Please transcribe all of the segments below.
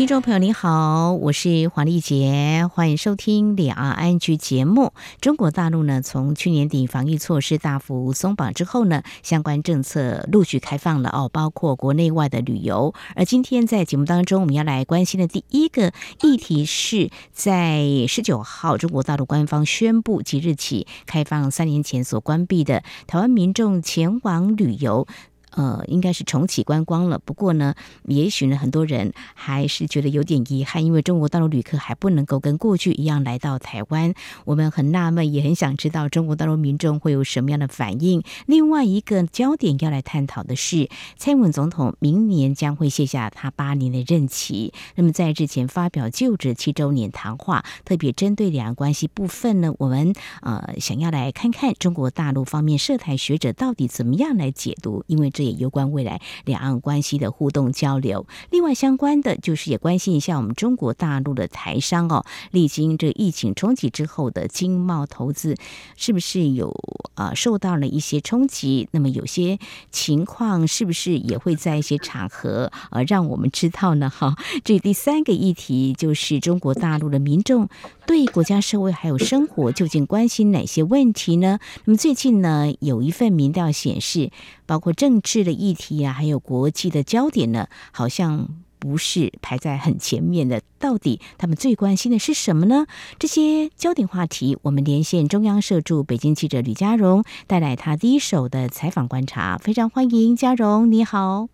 聽眾朋友，你好，我是黃麗杰，歡迎收聽兩岸 ING 節目。中國大陸呢，從去年底防疫措施大幅鬆綁之後呢，相關政策陸續開放了哦，包括國內外的旅遊。而今天在節目當中，我們要來關心的第一個議題是，在十九號，中國大陸官方宣布即日起開放三年前所關閉的台灣民眾前往旅遊。呃，應該是重啟觀光了。不過呢，也許呢，很多人還是覺得有點遺憾，因為中國大陸旅客還不能夠跟過去一樣來到台灣。我們很納悶，也很想知道中國大陸民眾會有什麼樣的反應。另外一個焦點要來探討的是，蔡英文總統明年將會卸下他八年的任期。那麼在之前發表就職七周年談話，特別針對兩岸關係部分呢，我們呃想要來看看中國大陸方面涉台學者到底怎麼樣來解讀，因為這。有關未來兩岸關係的互動交流，另外相關的就是也關心一下我們中國大陸的台商哦，歷經這疫情衝擊之後的經貿投資是不是有啊受到了一些衝擊？那麼有些情況是不是也會在一些場合啊讓我們知道呢？哈，這第三個議題就是中國大陸的民眾。對國家、社會還有生活，究竟關心哪些問題呢？那麼最近呢，有一份民調顯示，包括政治的議題啊，還有國際的焦點呢，好像不是排在很前面的。到底他們最關心的是什麼呢？這些焦點話題，我們連線中央社駐北京記者呂佳蓉，帶來她第一手的採訪觀察。非常歡迎佳蓉，你好。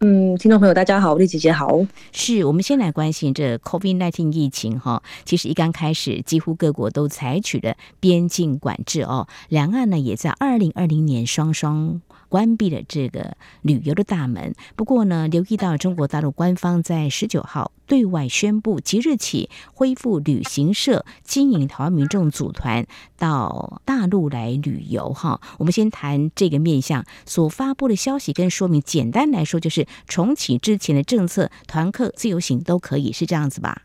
嗯，聽眾朋友，大家好，麗姐姐好。是，我們先來關心這 COVID-19 疫情哈。其實一剛開始，幾乎各國都採取了邊境管制哦，兩岸呢也在二零二零年雙雙。關閉了這個旅遊的大門，不過呢，留意到中國大陸官方在十九號對外宣布，即日起恢復旅行社經營，台灣民眾組團到大陸來旅遊。哈，我們先談這個面向所發布的消息跟說明。簡單來說，就是重啟之前的政策，團客自由行都可以，是這樣子吧？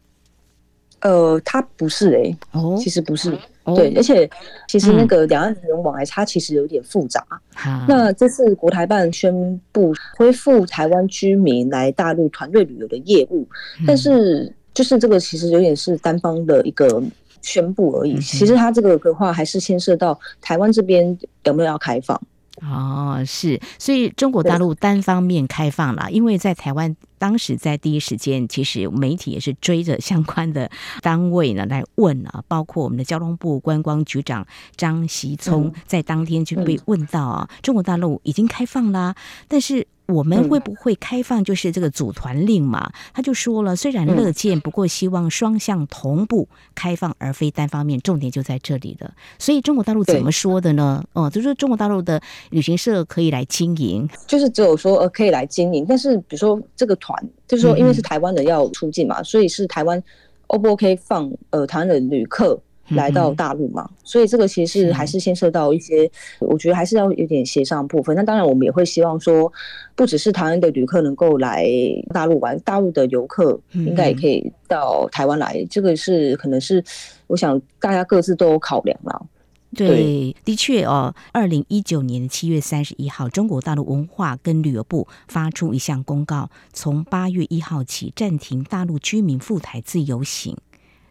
呃，他不是誒，哦，其實不是。哦對，而且其實那個兩岸人員往來，它其實有點複雜。嗯、那這次國台辦宣布恢復台灣居民來大陸團隊旅遊的業務，但是就是這個其實有點是單方的一個宣布而已。嗯、其實它這個的話，還是牽涉到台灣這邊有沒有要開放。哦，是，所以中國大陸單方面開放了，對因為在台灣當時在第一時間，其實媒體也是追着相關的單位呢來問啊，包括我們的交通部觀光局長張錫聰、嗯、在當天就被問到啊，嗯、中國大陸已經開放啦，但是。我們會不會開放就是這個組團令嘛？嗯、他就說了，雖然樂見，嗯、不過希望雙向同步開放，而非單方面，重點就在這裡了。所以中國大陸怎麼說的呢？哦對、嗯，就是中國大陸的旅行社可以來經營，就是只有說呃可以來經營。但是比如說這個團，就是說因為是台灣的要出境嘛，嗯、所以是台灣 O 不 OK 放呃台灣的旅客。來到大陸嘛，所以這個其實還是牽涉到一些，我覺得還是要有點協商的部分。那當然，我們也會希望說，不只是台灣的旅客能夠來大陸玩，大陸的遊客應該也可以到台灣來。這個是可能是，我想大家各自都有考量嘛。對，對，的確哦。二零一九年七月三十一號，中國大陸文化跟旅遊部發出一項公告，從八月一號起暫停大陸居民赴台自由行。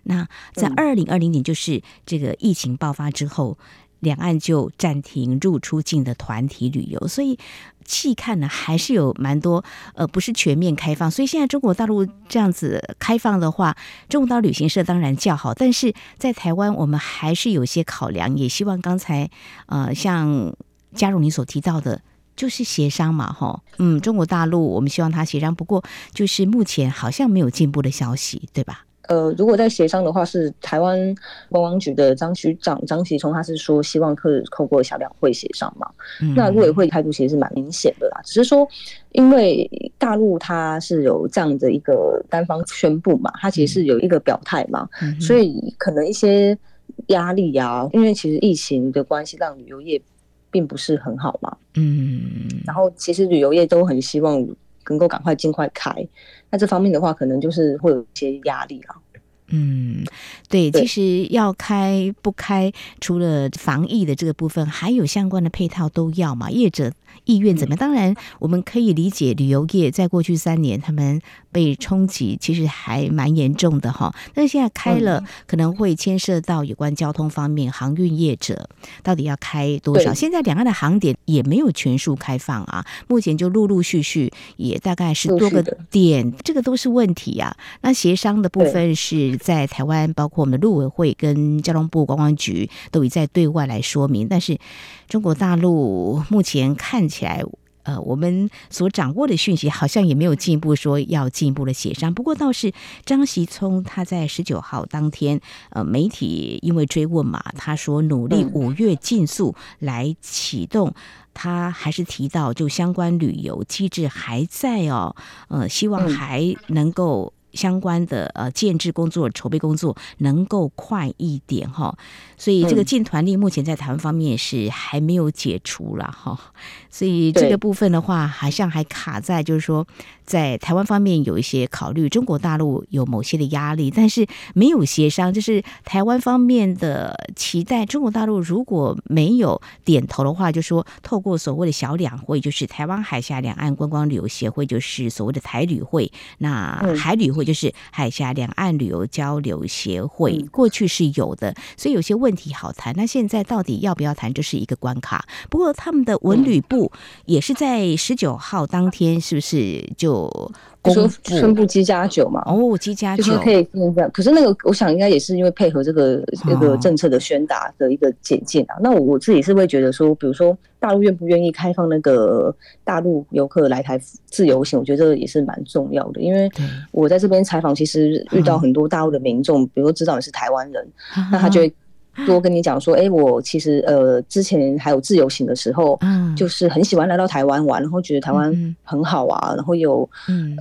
那在二零二零年，就是這個疫情爆發之後，兩岸就暫停入出境的團體旅遊，所以細看呢，還是有蠻多呃，不是全面開放。所以現在中國大陸這樣子開放的話，中國大陸旅行社當然較好，但是在台灣，我們還是有些考量，也希望剛才呃，像佳蓉你所提到的，就是協商嘛，哈，嗯，中國大陸我們希望他協商，不過就是目前好像沒有進步的消息，對吧？呃，如果在協商的話，是台灣觀光、光局的張局長張錫聰，他是說希望可透過小兩會協商嘛。那陸委會態度其實是蠻明顯的啦，只是說因為大陸他是有這樣的一個單方宣布嘛，他其實是有一個表態嘛，嗯、所以可能一些壓力啊，因為其實疫情的關係，讓旅遊業並不是很好嘛。嗯，然後其實旅遊業都很希望。能夠趕快盡快開，那這方面的話，可能就是會有一些壓力啊。嗯，對，對，其實要開不開，除了防疫的這個部分，還有相關的配套都要嘛，業者。意願怎麼樣？當然，我們可以理解旅遊業在過去三年他們被衝擊其實還蠻嚴重的哈。但是現在開了，可能會牽涉到有關交通方面，航運業者到底要開多少？對現在兩岸的航點也沒有全數開放啊。目前就陸陸續續也大概十多個點，這個都是問題啊。那協商的部分是在台灣，對包括我們陸委會跟交通部觀光局都已在對外來說明，但是中國大陸目前看。看起來，呃，我們所掌握的訊息好像也沒有進一步說要進一步的協商。不過倒是張錫聰他在十九號當天，呃，媒體因為追問嘛，他說努力五月盡速來啟動，他還是提到就相關旅遊機制還在哦，呃，希望還能夠。相關的呃建製工作籌備工作能夠快一點哈，所以這個禁團令目前在台灣方面是還沒有解除了哈，所以這個部分的話，好對像還卡在就是說，在台灣方面有一些考慮，中國大陸有某些的壓力，但是沒有協商，就是台灣方面的期待中國大陸如果沒有點頭的話，就說透過所謂的小兩會，就是台灣海峽兩岸觀光旅遊協會，就是所謂的台旅會，那海旅會。就是海峽兩岸旅遊交流協會過去是有的，所以有些問題好談。那現在到底要不要談，就是一個關卡。不過他們的文旅部也是在十九號當天，是不是就公布春布積佳酒？嘛哦，積家酒就是配合。可是那個，我想應該也是因為配合這個這個政策的宣達的一個簡介啊。哦、那我我自己是會覺得說，比如說。大陸願不願意開放那個大陸遊客來台自由行？我覺得這個也是蠻重要的，因為我在這邊採訪，其實遇到很多大陸的民眾，比如知道你是台灣人，那他就。多跟你講說，哎，我其實呃之前還有自由行的時候，嗯，就是很喜歡來到台灣玩，然後覺得台灣很好啊，然後有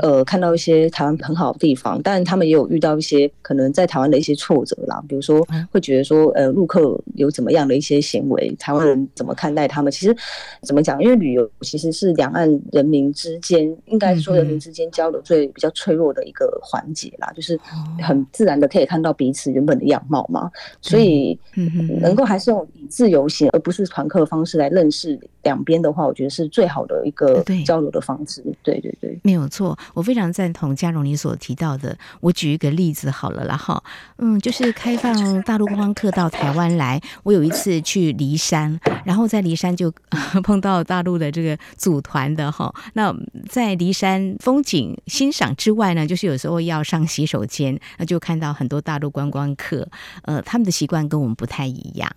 呃看到一些台灣很好的地方，但他們也有遇到一些可能在台灣的一些挫折啦，比如說會覺得說呃陸客有怎麼樣的一些行為，台灣人怎麼看待他們？其實怎麼講？因為旅遊其實是兩岸人民之間，應該說人民之間交流最比較脆弱的一個環節啦，就是很自然的可以看到彼此原本的樣貌嘛，所以。嗯，嗯，能夠還是用以自由行，而不是團客方式來認識你。兩邊的話，我覺得是最好的一個對交流的方式。對，對對對，沒有錯，我非常贊同佳蓉你所提到的。我舉一個例子好了啦，哈，嗯，就是開放大陸觀光客到台灣來。我有一次去梨山，然後在梨山就、嗯、碰到大陸的這個組團的哈。那在梨山風景欣賞之外呢，就是有時候要上洗手間，那就看到很多大陸觀光客，呃，他們的習慣跟我們不太一樣。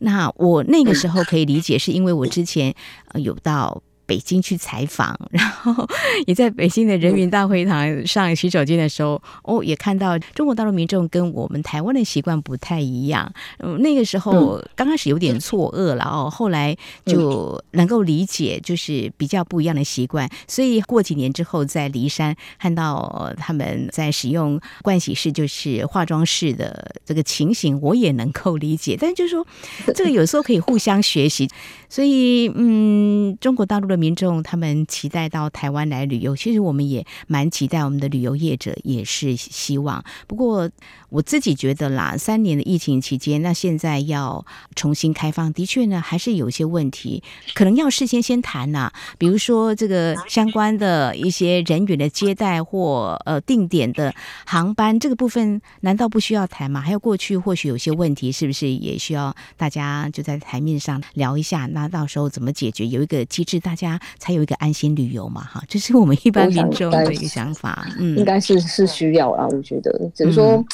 那我那個時候可以理解，是因為我之前。呃，有到，北京去採訪，然後也在北京的人民大會堂上洗手間的時候，嗯、哦，也看到中國大陸民眾跟我們台灣的習慣不太一樣。嗯、那個時候剛開始有點錯愕了，哦、嗯，後，後來就能夠理解，就是比較不一樣的習慣。嗯、所以過幾年之後，在驪山看到他們在使用盥洗室，就是化妝室的這個情形，我也能夠理解。但就是說這個有時候可以互相學習， 所以嗯，中國大陸的。民眾他們期待到台灣來旅遊，其實我們也蠻期待，我們的旅遊業者也是希望。不過。我自己覺得啦，三年的疫情期間，那現在要重新開放，的確呢，還是有些問題，可能要事先先談吶、啊。比如說這個相關的一些人員的接待或呃定點的航班這個部分，難道不需要談嗎？還有過去或許有些問題，是不是也需要大家就在台面上聊一下？那到時候怎麼解決？有一個機制，大家才有一個安心旅遊嘛？哈，這、就是我們一般民眾的一個想法。想嗯，應該是是需要啊，我覺得，只能說。嗯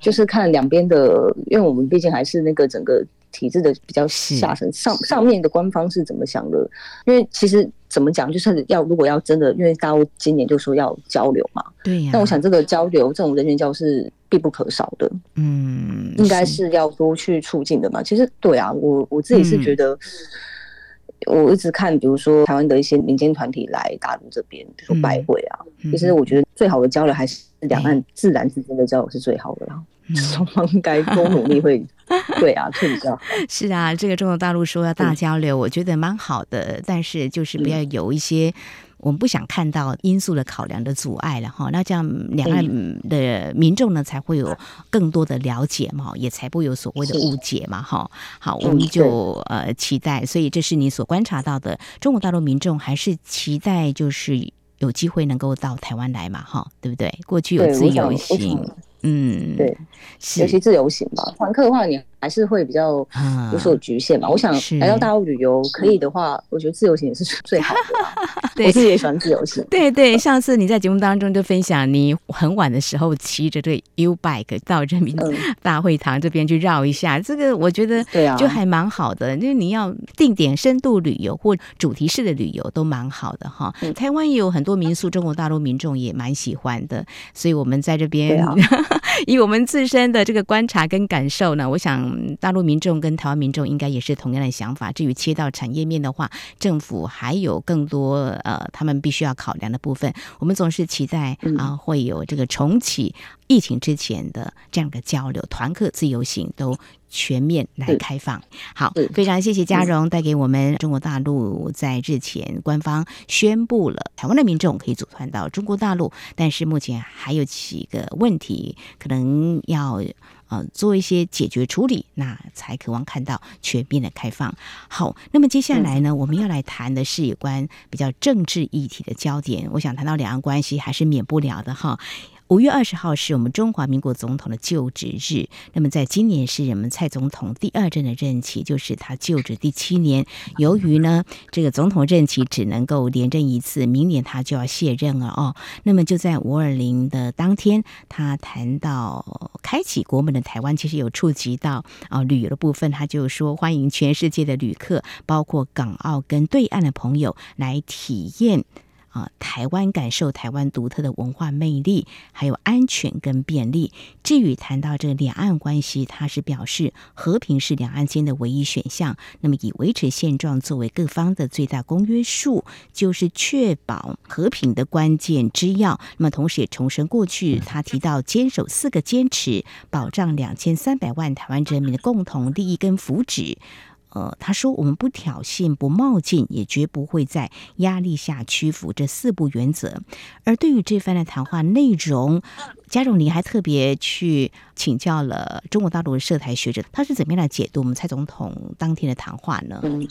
就是看兩邊的，因為我們畢竟還是那個整個體制的比較下層，是是上上面的官方是怎麼想的？因為其實怎麼講，就是要如果要真的，因為大陸今年就說要交流嘛，對呀、啊。那我想這個交流，這種人員交流是必不可少的，嗯，應該是要多去促進的嘛。其實對啊，我我自己是覺得。嗯我一直看，比如說台灣的一些民間團體來大陸這邊，比如說拜會啊，嗯、其實我覺得最好的交流還是兩岸自然之間的交流是最好的了、啊。雙方該多努力會， 對啊，是比較。是啊，這個中國大陸說要大交流，我覺得蠻好的，對但是就是不要有一些。嗯我們不想看到因素的考量的阻礙了哈，那這樣兩岸的民眾呢，才會有更多的了解嘛，也才不會有所謂的誤解嘛哈。好，我們就呃期待，所以這是你所觀察到的，中國大陸民眾還是期待就是有機會能夠到台灣來嘛哈，對不對？過去有自由行嗯，嗯，對，有些自由行吧，團客的話你。還是會比較有所局限嘛。嗯、我想來到大陸旅遊，可以的話，我覺得自由行也是最好的、啊。 對我自己也喜歡自由行。對對，上次你在節目當中就分享，你很晚的時候騎着這 U bike 到人民大會堂這邊去繞一下，嗯、這個我覺得就還蠻好的。啊、因為你要定點深度旅遊或主題式的旅遊都蠻好的哈。嗯、台灣也有很多民宿，中國大陸民眾也蠻喜歡的，所以我們在這邊對、啊、 以我們自身的這個觀察跟感受呢，我想。嗯，大陸民眾跟台灣民眾應該也是同樣的想法。至於切到產業面的話，政府還有更多呃，他們必須要考量的部分。我們總是期待啊，會有這個重啟疫情之前的這樣的交流，團客自由行都全面來開放。好，非常謝謝佳蓉帶給我們中國大陸在日前官方宣布了台灣的民眾可以組團到中國大陸，但是目前還有幾個問題可能要。呃，做一些解決處理，那才渴望看到全面的開放。好，那麼接下來呢，嗯、我們要來談的是有關比較政治議題的焦點。我想談到兩岸關係，還是免不了的哈。五月二十號是我們中華民國總統的就職日，那麼在今年是我們蔡總統第二任的任期，就是他就職第七年。由於呢，這個總統任期只能夠連任一次，明年他就要卸任了哦。那麼就在五二零的當天，他談到開啟國門的台灣，其實有觸及到啊、呃、旅遊的部分，他就說歡迎全世界的旅客，包括港澳跟對岸的朋友來體驗。啊，台灣，感受台灣獨特的文化魅力，還有安全跟便利。至於談到這兩岸關係，他是表示和平是兩岸間的唯一選項。那麼以維持現狀作為各方的最大公約數，就是確保和平的關鍵之要。那麼同時也重申過去他提到堅守四個堅持，保障兩千三百萬台灣人民的共同利益跟福祉。呃，他說我們不挑釁、不冒進，也絕不會在壓力下屈服，這四不原則。而對於這番的談話內容，佳蓉，您還特別去請教了中國大陸的涉台學者，他是怎麼樣來解讀我們蔡總統當天的談話呢？嗯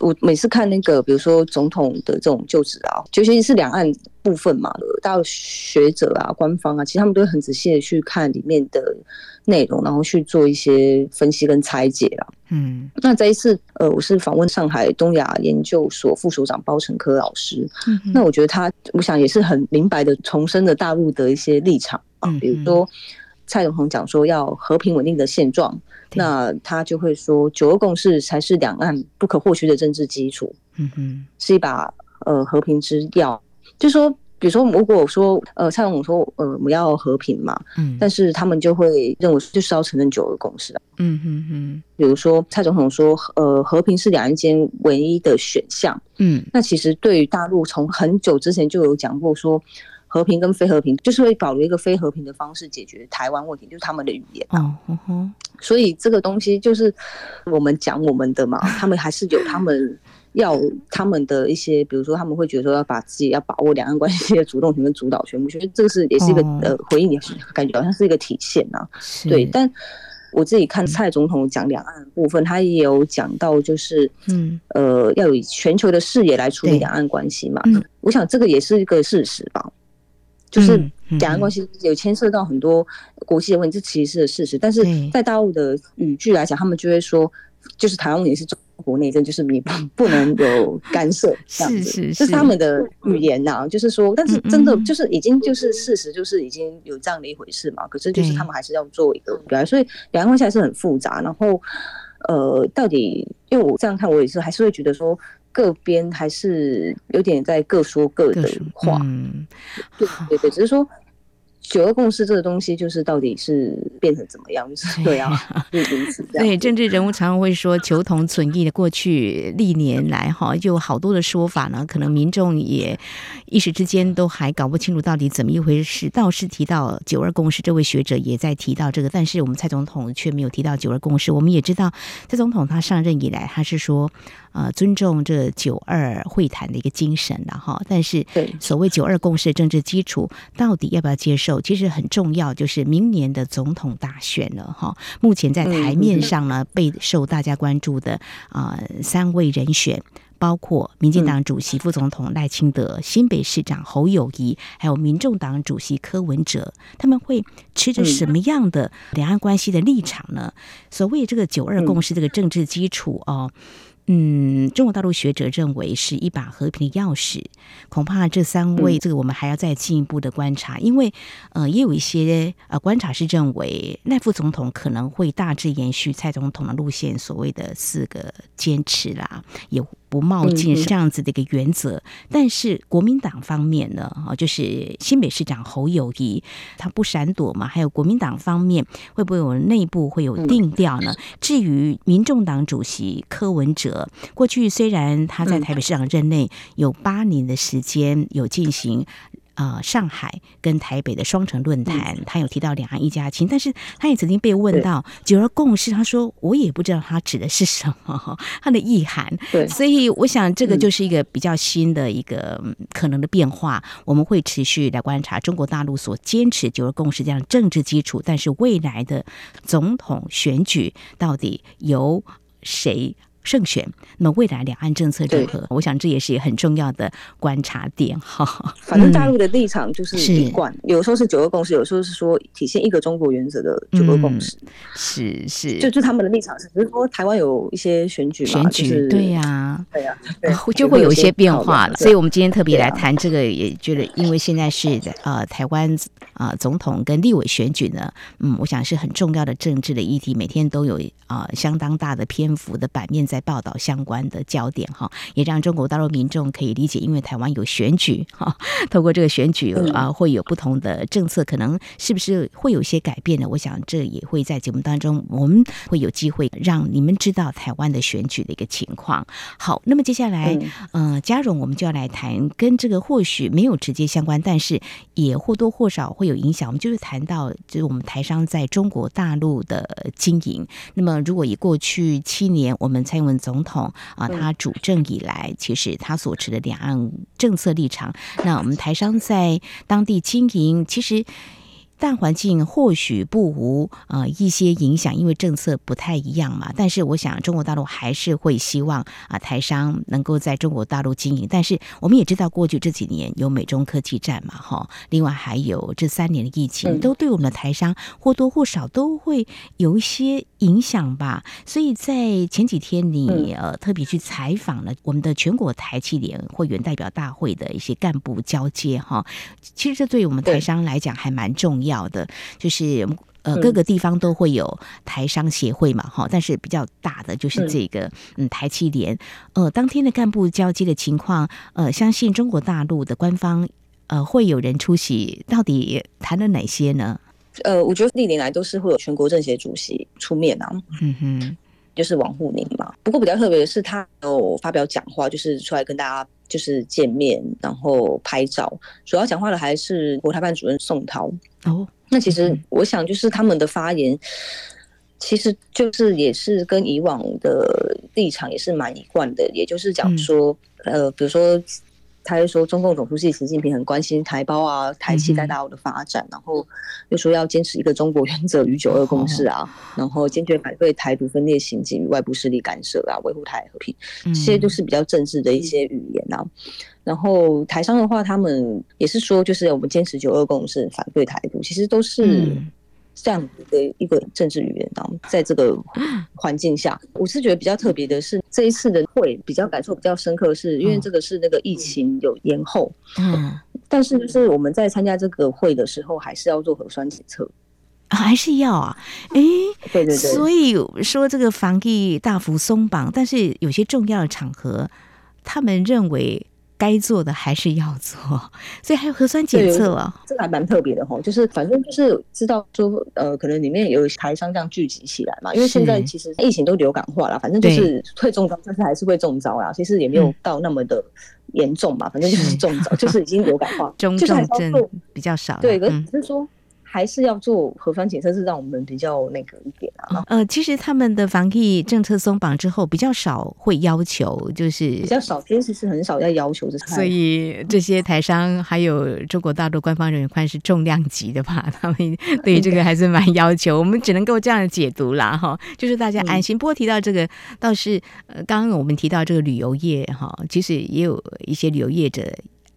我每次看那個，比如說總統的這種就職啊，尤其是兩岸部分嘛，大陸學者啊、官方啊，其實他們都很仔細的去看裡面的內容，然後去做一些分析跟拆解啊。嗯，那這一次，呃，我是訪問上海東亞研究所副所長包成科老師，嗯、哼那我覺得他，我想也是很明白的重申了大陸的一些立場啊，嗯、哼比如說，蔡總統講說要和平穩定的現狀，對那他就會說九二共識才是兩岸不可或缺的政治基礎，嗯哼，是一把呃和平之鑰。就說，比如說，如果說呃蔡總統說呃我要和平嘛，嗯，但是他們就會認為就是要承認九二共識啊，嗯哼哼。比如說蔡總統說呃和平是兩岸間唯一的選項，嗯，那其實對於大陸從很久之前就有講過說。和平跟非和平，就是會保留一個非和平的方式解決台灣問題，就是他們的語言啊。Oh, uh huh. 所以這個東西就是我們講我們的嘛，他們還是有他們要他們的一些， 比如說他們會覺得說要把自己要把握兩岸關係的主動權跟主導權，我覺得這個是也是一個、oh. 呃回應你感覺好像是一個體現啊。是對，但我自己看蔡總統講兩岸部分，他也有講到，就是嗯呃，要有全球的視野來處理兩岸關係嘛。對我想這個也是一個事實吧。就是兩岸關係有牽涉到很多國際的問題，這其實是事實。但是在大陸的語句來講，他們就會說，就是台灣也是中國內政，就是你不不能有干涉這樣子，這是他們的語言吶、啊。就是說，但是真的就是已經就是事實，就是已經有這樣的一回事嘛。可是就是他們還是要做一個目標，所以兩岸關係還是很複雜。然後。呃，到底因為我這樣看，我也是還是會覺得說，各邊還是有點在各說各的話，嗯，對對對，呵呵只是說。九二共識這個東西，就是到底是變成怎麼樣子？對啊，對，啊對，政治人物常常會說求同存異的過去歷年來哈、哦，有好多的說法呢。可能民眾也一時之間都還搞不清楚到底怎麼一回事。倒是提到九二共識，這位學者也在提到這個，但是我們蔡總統卻沒有提到九二共識。我們也知道，蔡總統他上任以來，他是說。啊，尊重這九二會談的一個精神了哈，但是，所謂九二共識的政治基礎，到底要不要接受，其實很重要。就是明年的總統大選了哈，目前在台面上呢備受大家關注的啊、呃、三位人選，包括民進黨主席、副總統賴清德，新北市長侯友宜，還有民眾黨主席柯文哲，他們會持着什麼樣的兩岸關係的立場呢？所謂這個九二共識這個政治基礎哦、啊。嗯，中國大陸學者認為是一把和平的鑰匙，恐怕這三位這個我們還要再進一步的觀察，因為呃也有一些呃觀察是認為賴副總統可能會大致延續蔡總統的路線，所謂的四個堅持啦，也。不冒進這樣子的一個原則，但是國民黨方面呢，啊，就是新北市長侯友宜，他不閃躲嘛，還有國民黨方面會不會有內部會有定調呢？至於民眾黨主席柯文哲，過去雖然他在台北市長任內有八年的時間有進行。呃，上海跟台北的雙城論壇，嗯、他有提到兩岸一家親，但是他也曾經被問到對九二共識，他說我也不知道他指的是什麼，他的意涵。對所以我想這個就是一個比較新的一個可能的變化，嗯、我們會持續來觀察中國大陸所堅持九二共識這樣政治基礎，但是未來的總統選舉到底由誰？勝選，那麼未來兩岸政策如何？我想這也是很重要的觀察點哈。反正大陸的立場就是一貫，有時候是九二共識，有時候是說體現一個中國原則的九二共識，是是，就就他們的立場是，只是說台灣有一些選舉，選舉對呀，對呀，就會有一些變化了。所以我們今天特別來談這個，也覺得，因為現在是呃台灣啊總統跟立委選舉呢，嗯，我想是很重要的政治的議題，每天都有啊相當大的篇幅的版面。在報道相關的焦點哈，也讓中國大陸民眾可以理解，因為台灣有選舉哈，透過這個選舉啊，會有不同的政策，可能是不是會有一些改變呢？我想這也會在節目當中，我們會有機會讓你們知道台灣的選舉的一個情況。好，那麼接下來，嗯，佳蓉、呃，我們就要來談跟這個或許沒有直接相關，但是也或多或少會有影響。我們就是談到就是我們台商在中國大陸的經營。那麼如果以過去七年，我們才問總統啊，他主政以來，其實他所持的兩岸政策立場，那我們台商在當地經營，其實。大環境或許不無呃一些影響，因為政策不太一樣嘛。但是我想，中國大陸還是會希望啊、呃、台商能夠在中國大陸經營。但是我們也知道，過去這幾年有美中科技戰嘛，哈。另外還有這三年的疫情，都對我們的台商或多或少都會有一些影響吧。所以在前幾天你，你呃特別去採訪了我們的全國台企聯會員代表大會的一些幹部交接哈。其實這對於我們台商來講還蠻重要。要的，就是呃，各個地方都會有台商協會嘛，哈、嗯，但是比較大的就是這個嗯，嗯台企聯，呃，當天的幹部交接的情況，呃，相信中國大陸的官方呃會有人出席，到底談了哪些呢？呃，我覺得歷年來都是會有全國政協主席出面啊。嗯哼。就是王滬寧嘛，不過比較特別的是，他有發表講話，就是出來跟大家就是見面，然後拍照。主要講話的還是國台辦主任宋濤。哦，那其實我想，就是他們的發言，其實就是也是跟以往的立場也是蠻一貫的，也就是講說，嗯、呃，比如說。他又說，中共總書記習近平很關心台胞啊、台企在大陸的發展，嗯、然後又說要堅持一個中國原則與九二共識啊，哦哦然後堅決反對台獨分裂行徑與外部勢力干涉啊，維護台海和平，嗯、這些都是比較政治的一些語言啊。嗯、然後台商的話，他們也是說，就是我們堅持九二共識，反對台獨，其實都是、嗯。這樣的一個政治語言，當在這個環境下，我是覺得比較特別的是這一次的會比較感受比較深刻是，是因為這個是那個疫情有延後，嗯，嗯嗯，但是就是我們在參加這個會的時候，還是要做核酸檢測、哦，還是要啊，哎、欸，對對對，所以說這個防疫大幅鬆綁，但是有些重要的場合，他們認為。該做的還是要做，所以還有核酸檢測啊。這個還蠻特別的哈。就是反正就是知道說，呃，可能裡面有台商這樣聚集起來嘛。因為現在其實疫情都流感化了，反正就是會中招，對但是還是會中招啊。其實也沒有到那麼的嚴重嘛，嗯，反正就是中招，是，就是已經流感化， 中重症就比較少。對，可是，就是說。嗯還是要做核酸檢測是讓我們比較那個一點，啊、呃，其實他們的防疫政策鬆綁之後，比較少會要求，就是比較少，平時是很少要要求的。所以這些台商還有中國大陸官方人員算是重量級的吧？他們對於這個還是蠻要求。Okay. 我們只能夠這樣解讀啦，哈，哦，就是大家安心。嗯、不過提到這個，倒是呃，剛剛我們提到這個旅遊業哈、哦，其實也有一些旅遊業者。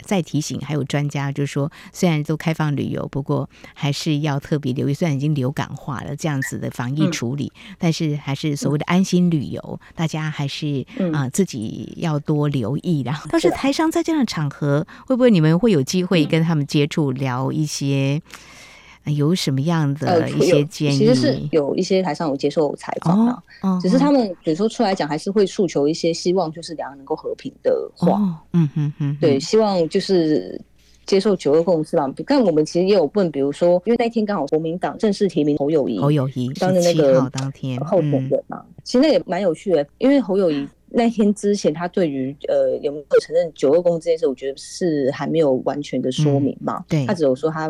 再提醒，還有專家就是說，雖然都開放旅遊，不過還是要特別留意。雖然已經流感化了這樣子的防疫處理，嗯、但是還是所謂的安心旅遊，嗯、大家還是啊、呃嗯、自己要多留意。然後，但是台商在這樣的場合，會不會你們會有機會跟他們接觸，聊一些？嗯有什麼樣的一些建議、呃？其實是有一些台上有接受採訪嘛，哦哦、只是他們有時候出來講還是會訴求一些希望，就是兩人能夠和平的話。嗯、哦、對，嗯哼嗯哼希望就是接受九二共識嘛。但我們其實也有問，比如說，因為那天剛好國民黨正式提名侯友宜，侯友宜當着那個當天、呃、後天嘛，嗯、其實那也蠻有趣的、欸，因為侯友宜那天之前他對於呃有沒有承認九二共識這件事，我覺得是還沒有完全的說明嘛。嗯、對他只有說他。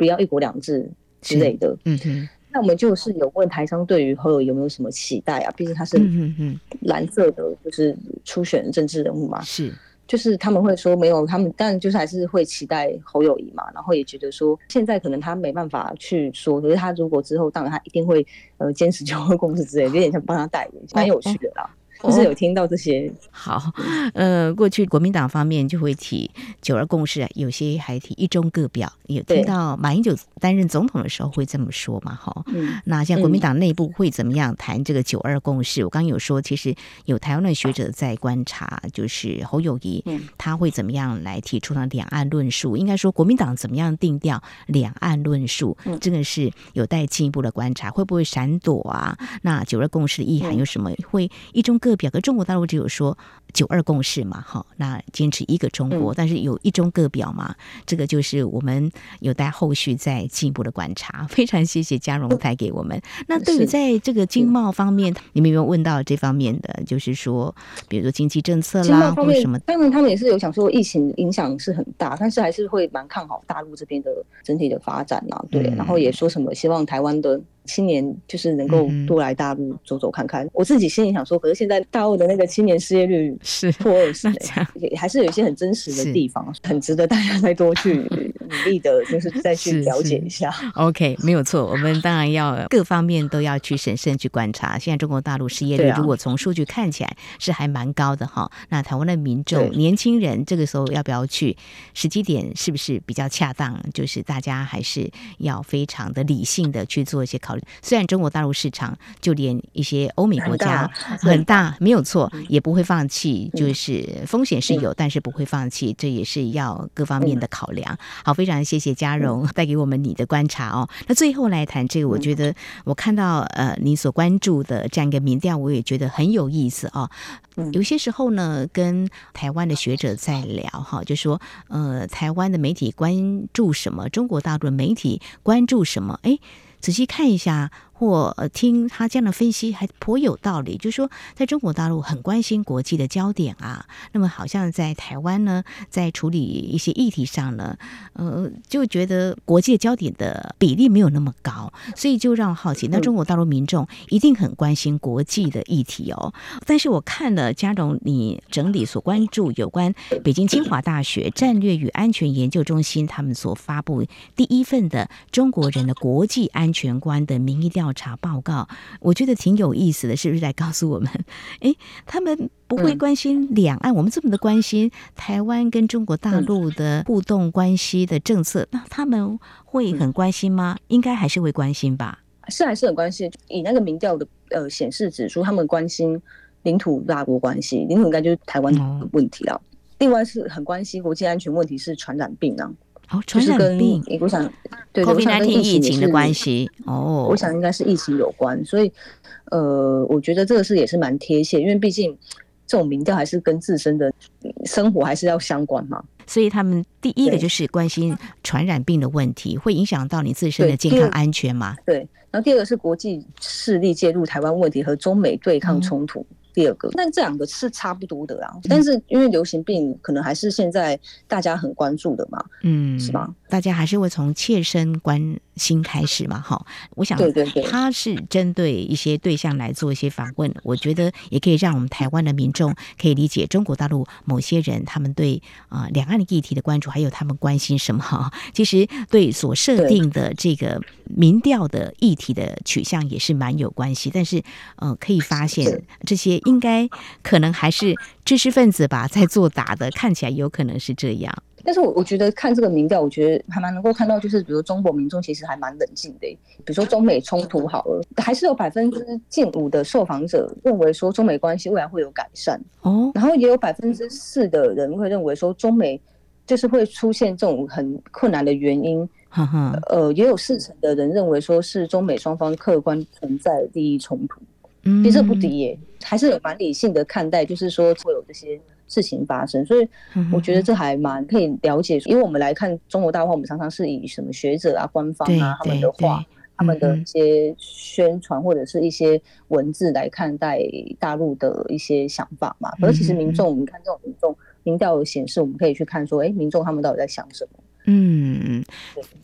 不要一國兩制之類的。嗯嗯，那我們就是有問台商對於侯友宜有沒有什麼期待啊？畢竟他是嗯嗯藍色的，就是初選政治人物嘛。是，就是他們會說沒有，他們但就是還是會期待侯友宜嘛。然後也覺得說現在可能他沒辦法去說，可是他如果之後當然他一定會呃堅持九二共識之類的，有點像幫他代言，蠻有趣的啦。哦哦我是有聽到這些，好，呃，過去國民黨方面就會提九二共識啊，有些還提一中各表，有聽到馬英九擔任總統的時候會這麼說嘛，哈、嗯，那像國民黨內部會怎麼樣談這個九二共識？嗯、我剛有說，其實有台灣的學者在觀察，就是侯友宜，他會怎麼樣來提出那兩岸論述？應該說國民黨怎麼樣定調兩岸論述，真的是有待進一步的觀察，會不會閃躲啊？那九二共識的意涵有什麼？會一中各。各表跟中國大陸只有說九二共識嘛，好，那堅持一個中國，但是有一中各表嘛，嗯、這個就是我們有待後續再進一步的觀察。非常謝謝佳蓉帶給我們。嗯、那對於在這個經貿方面，是你們有沒有問到這方面的？嗯、就是說，比如說經濟政策啦，或者什麼？當然，他們也是有想說疫情影響是很大，但是還是會蠻看好大陸這邊的整體的發展啦、啊。對，嗯、然後也說什麼希望台灣的。青年就是能夠多來大陸走走看看。嗯、我自己心裡想說，可是現在大陸的那個青年失業率破二十、欸，是也還是有一些很真實的地方，是很值得大家再多去努力的，就是再去了解一下。是是 OK，沒有錯，我們當然要各方面都要去審慎去觀察。現在中國大陸失業率如果從數據看起來是還蠻高的哈。啊、那台灣的民眾、對年輕人這個時候要不要去？時機點是不是比較恰當？就是大家還是要非常的理性的去做一些考。雖然中國大陸市場，就連一些歐美國家很大，很大沒有錯，嗯、也不會放棄。嗯、就是風險是有，嗯、但是不會放棄，這也是要各方面的考量。嗯、好，非常謝謝佳蓉、嗯、帶給我們你的觀察哦。那最後來談這個，嗯、我覺得我看到呃，你所關注的這樣一個民調，我也覺得很有意思哦。有些時候呢，跟台灣的學者在聊哈，就說呃，台灣的媒體關注什麼，中國大陸的媒體關注什麼？哎。仔細看一下。我聽他這樣的分析還頗有道理，就是說在中國大陸很關心國際的焦點啊，那麼好像在台灣呢，在處理一些議題上呢，呃，就覺得國際焦點的比例沒有那麼高，所以就讓我好奇。那中國大陸民眾一定很關心國際的議題哦。但是我看了佳蓉你整理所關注有關北京清華大學戰略與安全研究中心他們所發布第一份的中國人的國際安全觀的民意調。調查報告，我覺得挺有意思的，是不是在告訴我們、欸？他們不會關心兩岸，嗯、我們這麼的關心台灣跟中國大陸的互動關係的政策，嗯、那他們會很關心嗎？嗯、應該還是會關心吧。是還是很關心？以那個民調的呃顯示指出他們關心領土、大國關係，領土應該就是台灣問題了。嗯、另外是很關心國際安全問題，是傳染病呢。好，傳染病，我想，對對，我想跟疫情，疫情的關係哦，我想應該是疫情有關，所以，呃，我覺得這個事也是蠻貼切，因為畢竟這種民調還是跟自身的生活還是要相關嘛。所以他們第一個就是關心傳染病的問題，對會影響到你自身的健康安全嘛？對。然後第二個是國際勢力介入台灣問題和中美對抗衝突。嗯第二個，那這兩個是差不多的啊，嗯，但是因為流行病可能還是現在大家很關注的嘛，嗯，是吧嗎？大家還是會從切身關心開始嘛，哈。我想，對對對，他是針對一些對象來做一些訪問，對對對，我覺得也可以讓我們台灣的民眾可以理解中國大陸某些人他們對啊兩岸的議題的關注，還有他們關心什麼。哈，其實對所設定的這個民調的議題的取向也是蠻有關係，對但是呃，可以發現這些。應該可能還是知識分子吧，在作答的，看起來有可能是這樣。但是我我覺得看這個民調，我覺得還蠻能夠看到，就是比如中國民眾其實還蠻冷靜的、欸。比如說中美衝突好了，還是有百分之近五的受訪者認為說中美關係未來會有改善哦。然後也有百分之四的人會認為說中美就是會出現這種很困難的原因。哈哈呵，呃，也有四成的人認為說是中美雙方客觀存在利益衝突。其實不低耶，還是有蠻理性的看待，就是說會有這些事情發生，所以我覺得這還蠻可以了解。因為我們來看中國大陸的話，我們常常是以什麼學者啊、官方啊，他們的話，對對對，他們的一些宣傳或者是一些文字來看待大陸的一些想法嘛。對對對，嗯、可是其實民眾，我們、嗯、哼看這種民眾民調顯示，我們可以去看說，哎，民眾他們到底在想什麼。嗯，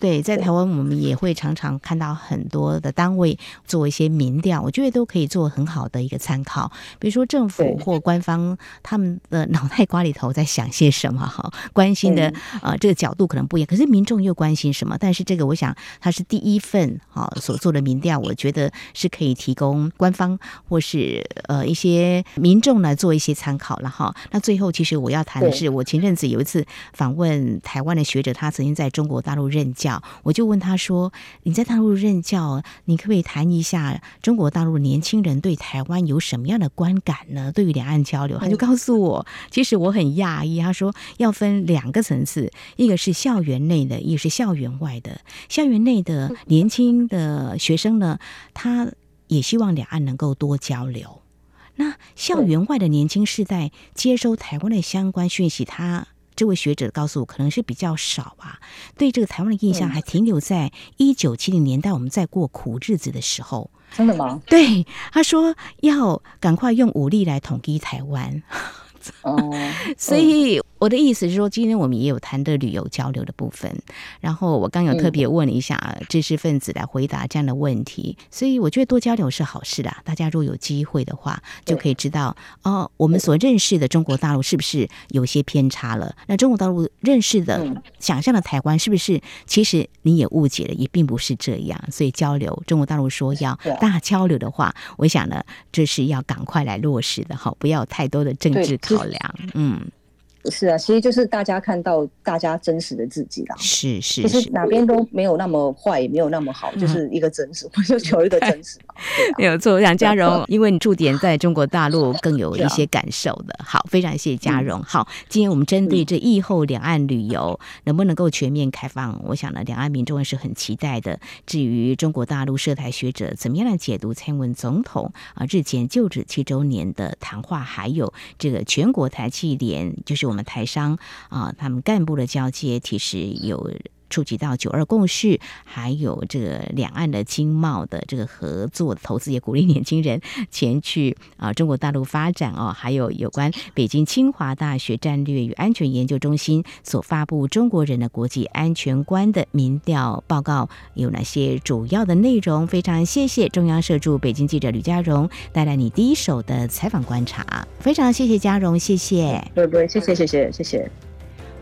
對，在台灣我們也會常常看到很多的單位做一些民調，我覺得都可以做很好的一個參考。比如說政府或官方他們的腦袋瓜裡頭在想些什麼，哈，關心的這個角度可能不一樣。可是民眾又關心什麼？但是這個，我想它是第一份哈所做的民調，我覺得是可以提供官方或是呃一些民眾來做一些參考了哈。那最後，其實我要談的是，我前陣子有一次訪問台灣的學者，他。曾經在中國大陸任教，我就問他說：“你在大陸任教，你可不可以談一下中國大陸年輕人對台灣有什麼樣的觀感呢？對於兩岸交流，他就告訴我，其實我很訝異。他說要分兩個層次，一個是校園內的，一個是校園外的。校園內的年輕的學生呢，他也希望兩岸能夠多交流。那校園外的年輕世代、嗯、接收台灣的相關訊息，他。”這位學者告訴我，可能是比較少吧、啊，對這個台灣的印象還停留在一九七零年代，我們在過苦日子的時候。真的嗎？對，他說要趕快用武力來統一台灣。哦 ，oh, oh. 所以。我的意思是說，今天我們也有談的旅遊交流的部分，然後我剛有特別問了一下知識分子來回答這樣的問題，嗯、所以我覺得多交流是好事的，大家如果有機會的話，對就可以知道哦，我們所認識的中國大陸是不是有些偏差了？那中國大陸認識的、嗯、想象的台灣是不是其實你也誤解了？也並不是這樣。所以交流，中國大陸說要大交流的話，對我想呢，這、就是要趕快來落實的好，不要太多的政治考量。就是、嗯。是啊，其實就是大家看到大家真實的自己啦。是是，其實哪邊都沒有那麼壞，也沒有那麼好，就是一個真實，我、嗯、 就求一個真實。沒、啊、 有錯，楊佳蓉，啊、因為你駐點在中國大陸，更有一些感受的。啊、好，非常謝謝佳蓉。嗯、好，今天我們針對這疫後兩岸旅遊能不能夠全面開放，對我想呢，兩岸民眾也是很期待的。至於中國大陸涉台學者怎麼樣來解讀蔡英文總統啊日前就職七周年的談話，還有這個全國台企聯，就是我們台商啊，他們幹部的交接，其實有。觸及到“九二共識”，還有這個兩岸的經貿的這個合作投資，也鼓勵年輕人前去啊中國大陸發展哦。還有有關北京清華大學戰略與安全研究中心所發布《中國人的國際安全觀》的民調報告有哪些主要的內容？非常謝謝中央社駐北京記者呂佳蓉帶來你第一手的採訪觀察。非常謝謝佳蓉，謝謝。對對，謝謝謝謝謝謝。謝謝謝謝。